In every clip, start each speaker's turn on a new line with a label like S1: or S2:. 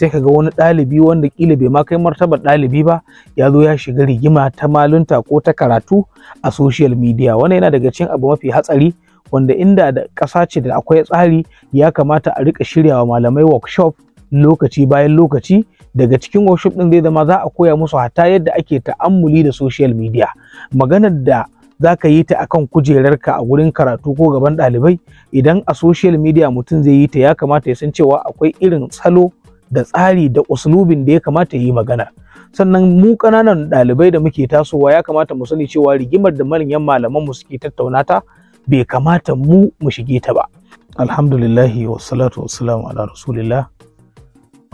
S1: sai ka ga wani ɗalibi wanda ƙila bai ma kai martabar ɗalibi ba ya zo ya shiga rigima ta malunta ko ta karatu a social media wannan yana daga cikin abu mafi hatsari wanda inda da ƙasa ce da akwai tsari ya kamata a riƙa wa malamai workshop lokaci bayan lokaci daga cikin workshop ɗin zai zama za a koya musu hata yadda ake ta'ammuli da social media maganar da za ka yi ta akan kujerarka a gurin karatu ko gaban ɗalibai idan a social media mutum zai yi ta ya kamata ya san cewa akwai irin salo da tsari da uslubin da ya kamata ya yi magana sannan mu ƙananan ɗalibai da muke tasowa ya kamata mu sani cewa rigimar da manyan malaman mu suke tattauna ta bai kamata mu mu shige ta ba alhamdulillah wa salatu wassalamu ala rasulillah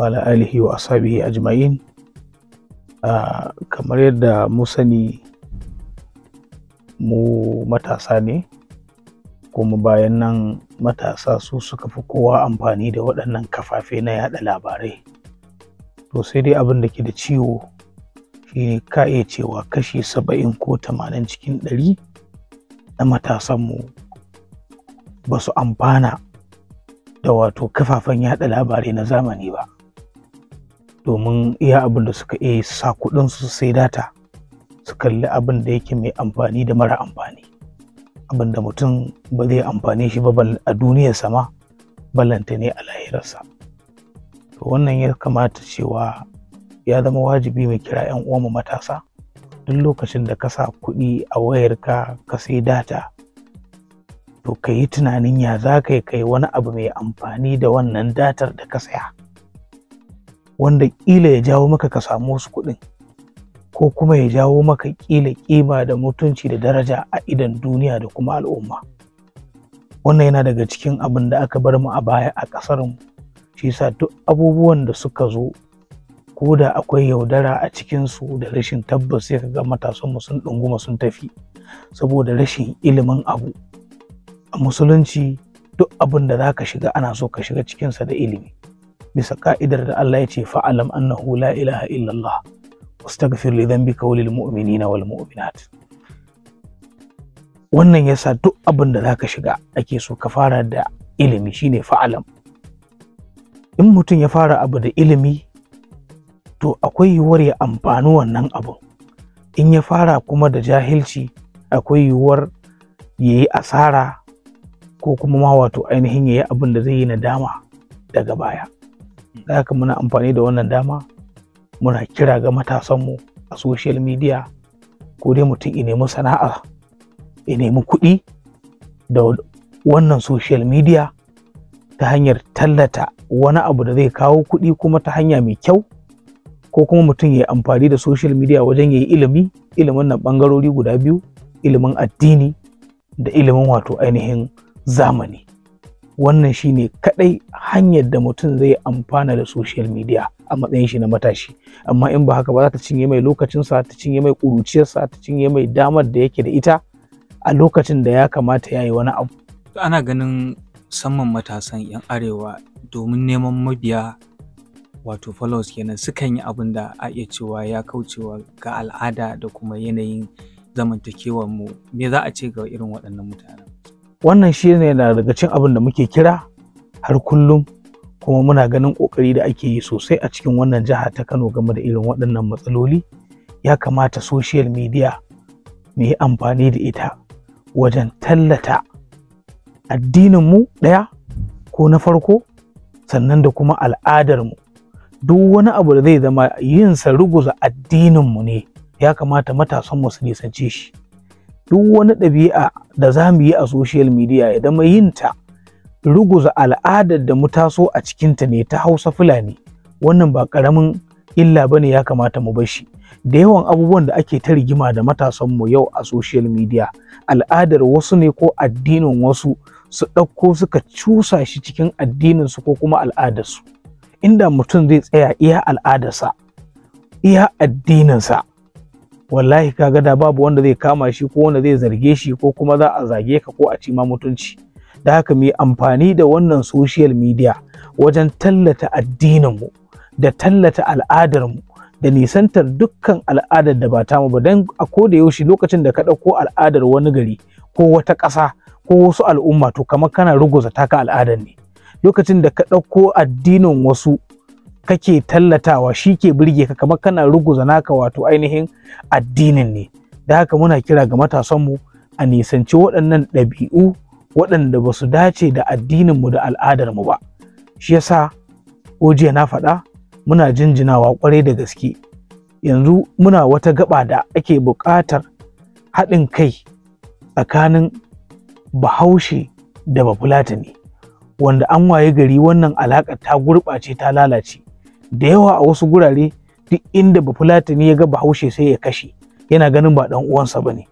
S1: wa ala alihi wa ashabihi ajma'in kamar yadda mu sani mu matasa ne kuma bayan nan matasa su suka fi kowa amfani da waɗannan kafafe na yaɗa labarai to sai dai abin da ke da ciwo shine ka iya cewa kashi saba'in ko tamanin cikin ɗari na matasanmu ba su amfana da wato kafafen yaɗa labarai na zamani ba domin iya abin da suka iya sa kuɗinsu sai data su kalli abin da yake mai amfani da mara amfani abin da mutum ba zai amfani shi ba a duniyar sama, ballanta ne a lahirarsa to wannan ya kamata cewa ya zama wajibi mai kira 'yan uwanmu matasa duk lokacin da ka sa kuɗi a wayarka ka sai data to ka yi tunanin ya za ka yi kai wani abu mai amfani da wannan datar da ka saya wanda ƙila ya jawo maka ka samu wasu kuɗin ko kuma ya jawo maka ƙila ƙima da mutunci da daraja a idan duniya da kuma al'umma wannan yana daga cikin abin da aka bar mu a baya a ƙasar mu shi yasa duk abubuwan da suka zo ko da akwai yaudara a cikinsu da rashin tabbas sai ka ga matasanmu sun ɗunguma sun tafi saboda rashin ilimin abu a musulunci duk abin da za ka shiga ana so ka shiga cikinsa da ilimi bisa ka'idar da Allah ya ce fa'alam annahu la ilaha illallah wastaghfir li dhanbika walil mu'minina wal mu'minat wannan yasa duk abin da zaka shiga ake so ka fara da ilimi shine fa'alam in mutum ya fara abu da ilimi to akwai yiwuwar ya amfani wannan abu in ya fara kuma da jahilci akwai yiwuwar ya yi asara ko kuma ma wato ainihin ya yi abin da zai yi nadama daga baya. Za ka muna amfani da wannan dama muna kira ga matasanmu a social media ko dai mutum ya nemi sana'a ya nemi kuɗi da wannan social media ta hanyar tallata wani abu da zai kawo kuɗi kuma ta hanya mai kyau ko kuma mutum ya yi amfani da social media wajen ya yi ilimi ilimin na ɓangarori guda biyu ilimin addini da ilimin wato ainihin zamani wannan shi ne kaɗai hanyar da mutum zai amfana da social media a matsayin shi na matashi amma in ba haka ba za ta cinye mai lokacinsa ta cinye mai ƙuruciyarsa ta cinye mai damar da yake da ita a lokacin da ya kamata ya yi wani abu ana ganin saman matasan 'yan arewa domin neman mabiya wato followers kenan sukan yi abin da a iya cewa ya kaucewa ga al'ada da kuma yanayin zamantakewar mu me za a ce ga irin waɗannan mutanen wannan shi ne na daga cin abin da muke kira har kullum kuma muna ganin kokari da ake yi sosai a cikin wannan jiha ta Kano game da irin waɗannan matsaloli ya kamata social media mu yi amfani da ita wajen tallata addinin mu ɗaya ko na farko sannan da kuma al'adarmu duk wani abu da zai zama yinsa ruguza addininmu ne ya kamata matasanmu su nisance shi duk wani ɗabi'a da za mu yi a social media ya zama yin ta ruguza al'adar da mu taso a cikinta ne ta hausa fulani wannan ba ƙaramin illa ba ne ya kamata mu bashi da yawan abubuwan da ake ta rigima da matasanmu yau a social media al'adar wasu ne ko addinin wasu su ɗauko suka cusa shi cikin addininsu ko kuma al'adarsu inda mutum zai tsaya iya al'adarsa iya addininsa wallahi kaga da babu wanda zai kama shi ko wanda zai zarge shi ko kuma za a zage ka ko a ci ma mutunci da haka mu yi amfani da wannan social media wajen tallata addininmu da tallata al'adarmu da nisantar dukkan al'adar da ba ta mu ba don a koda yaushe lokacin da ka ɗauko al'adar wani gari ko wata ƙasa ko wasu al'umma to kamar kana ruguza taka al'adar ne lokacin da ka ɗauko addinin wasu kake tallatawa shi ke birge ka kamar kana ruguza naka wato ainihin addinin ne da haka muna kira ga matasanmu a nisanci waɗannan ɗabi'u waɗanda ba su dace da addininmu da al'adarmu ba shi yasa ko jiya na faɗa muna jinjinawa ƙwarai da gaske yanzu muna wata gaba da ake buƙatar haɗin kai tsakanin bahaushe da bafulatani wanda an waye gari wannan alaƙar ta gurɓace ta lalace da yawa a wasu gurare duk inda bafulatani ya ga bahaushe sai ya kashe yana ganin ba dan uwansa bane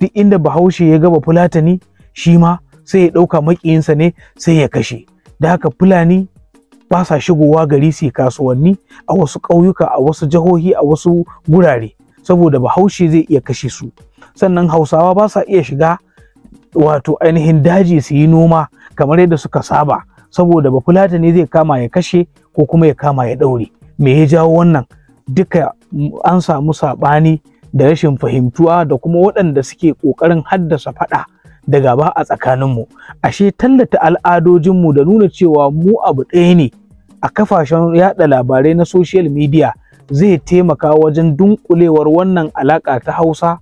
S1: duk inda bahaushe ya ga bafulatani shi ma sai ya ɗauka makiyinsa ne sai ya kashe da haka fulani ba sa shigowa gari su kasuwanni a wasu ƙauyuka a wasu jihohi a wasu gurare saboda bahaushe zai iya kashe su sannan hausawa ba sa iya shiga wato ainihin daji su yi noma kamar yadda suka saba saboda bafulatani zai kama ya kashe ko kuma ya kama ya ɗaure me ya jawo wannan duka an samu saɓani da rashin fahimtuwa da kuma waɗanda suke ƙoƙarin haddasa faɗa da gaba a tsakaninmu ashe tallata al'adojinmu da nuna cewa mu abu ɗaya ne a kafashen yaɗa labarai na social media zai taimaka wajen dunkulewar wannan alaƙa ta hausa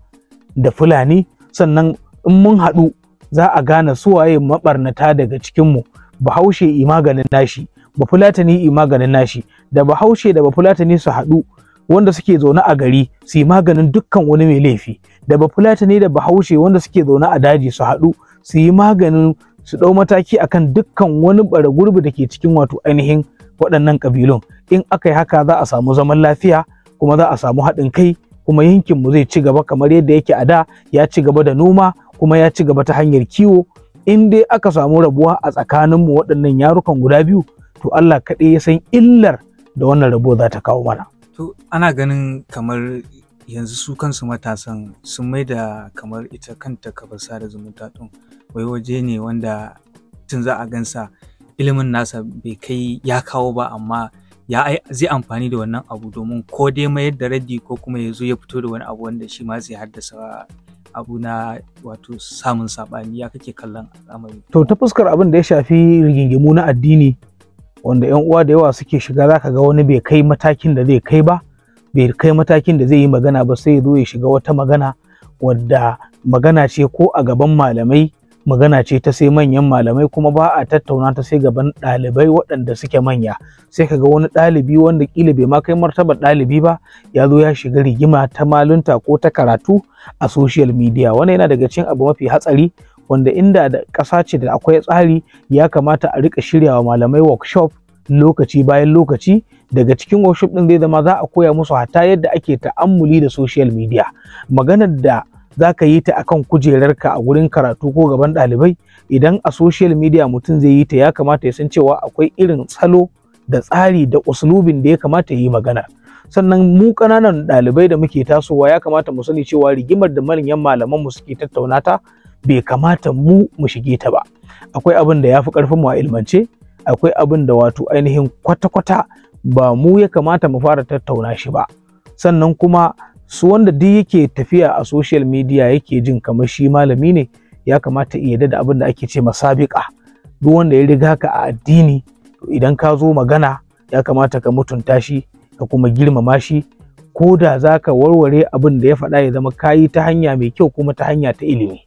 S1: da fulani sannan in mun haɗu za a gane suwaye maɓarnata daga cikinmu bahaushe maganin nashi bafulatani yi maganin nashi da bahaushe da bafulatani su haɗu wanda suke zaune a gari su yi maganin dukkan wani mai laifi da bafulatani da bahaushe wanda suke zaune a daji su haɗu su yi maganin su ɗau mataki akan dukkan wani bara gurbi da ke cikin wato ainihin waɗannan ƙabilun in aka yi haka za a samu zaman lafiya kuma za a samu haɗin kai kuma yankin mu zai ci gaba kamar yadda yake a da ya ci gaba da noma kuma ya ci gaba ta hanyar kiwo in dai aka samu rabuwa a tsakaninmu waɗannan yarukan guda biyu to Allah kaɗai ya san illar da wannan rabo za ta kawo mana. To ana ganin kamar yanzu su kansu matasan sun mai da kamar ita kanta kafar sada zumunta ɗin wai waje ne wanda tun za a gansa ilimin nasa bai kai ya kawo ba amma ya zai amfani da wannan abu domin ko dai mayar da raddi ko kuma ya zo ya fito da wani abu wanda shi ma zai haddasa abu na wato samun saɓani ya kake kallon al'amari. To ta fuskar abin da ya shafi rigingimu na addini wanda yan uwa da yawa suke shiga za ka ga wani bai kai matakin da zai kai ba bai kai matakin da zai yi magana ba sai ya zo ya shiga wata magana wadda magana ce ko a gaban malamai magana ce ta sai manyan malamai kuma ba a tattauna ta sai gaban ɗalibai waɗanda suke manya sai ka ga wani ɗalibi wanda ƙila bai ma kai martabar ɗalibi ba ya zo ya shiga rigima ta malunta ko ta karatu a social media wannan yana daga cikin abu mafi hatsari wanda inda da ƙasa ce da akwai tsari ya kamata a rika wa malamai workshop lokaci bayan lokaci daga cikin workshop ɗin zai zama za a koya musu hata yadda ake ta'ammuli da social media maganar da za ka yi ta akan kujerarka a gurin karatu ko gaban ɗalibai idan a social media mutum zai yi ta ya kamata ya san cewa akwai irin tsalo da tsari da uslubin da ya kamata ya yi magana sannan mu ƙananan ɗalibai da muke tasowa ya kamata mu sani cewa rigimar da manyan malaman mu suke tattaunata bai kamata mu mu shige ta ba akwai abin da ya fi mu a ilmance akwai abin da wato ainihin kwata-kwata ba mu ya kamata mu fara tattauna shi ba sannan kuma su wanda duk yake tafiya a social media yake jin kamar shi malami ne ya kamata iya da abin da ake ce masabiƙa duk wanda ya riga ka a addini idan ka zo magana ya kamata ka mutunta shi ka kuma girmama shi ko da za ka warware abin da ya faɗa ya zama kayi ta hanya mai kyau kuma ta hanya ta ilimi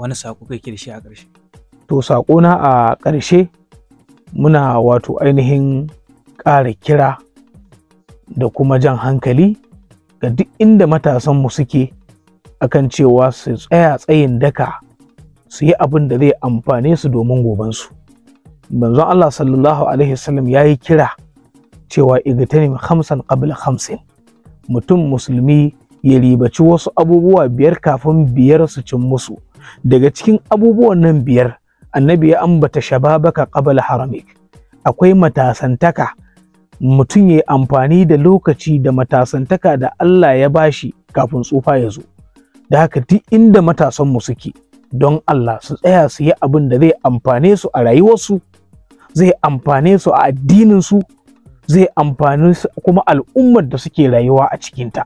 S1: wani saƙo kake da shi a ƙarshe to saƙo na a ƙarshe muna wato ainihin ƙara kira da kuma jan hankali ga duk inda matasanmu suke akan cewa su tsaya tsayin daka su yi abin da zai amfane su domin gobansu manzon Allah sallallahu alaihi wasallam ya yi kira cewa igitani hamsan qabla hamsin mutum musulmi ya ribaci wasu abubuwa biyar kafin biyar su cin musu daga cikin abubuwan nan biyar annabi ya ambata shababaka qabl haramik akwai matasantaka mutum ya amfani da lokaci da matasantaka da Allah ya bashi kafin tsufa ya zo da haka duk inda matasanmu suke don Allah su tsaya su yi abin da zai amfane su a rayuwarsu zai amfane su a addininsu zai su kuma al'ummar da suke rayuwa a cikinta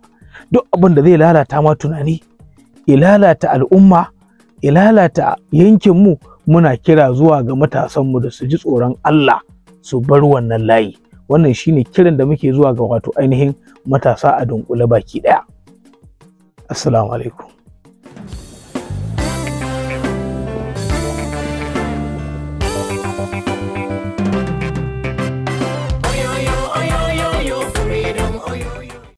S1: duk abin da zai lalata ma tunani ya lalata al'umma lalata yankinmu muna kira zuwa ga matasanmu da su ji tsoron Allah su bar wannan layi wannan shine kiran da muke zuwa ga wato ainihin matasa a dunkule baki daya assalamu alaikum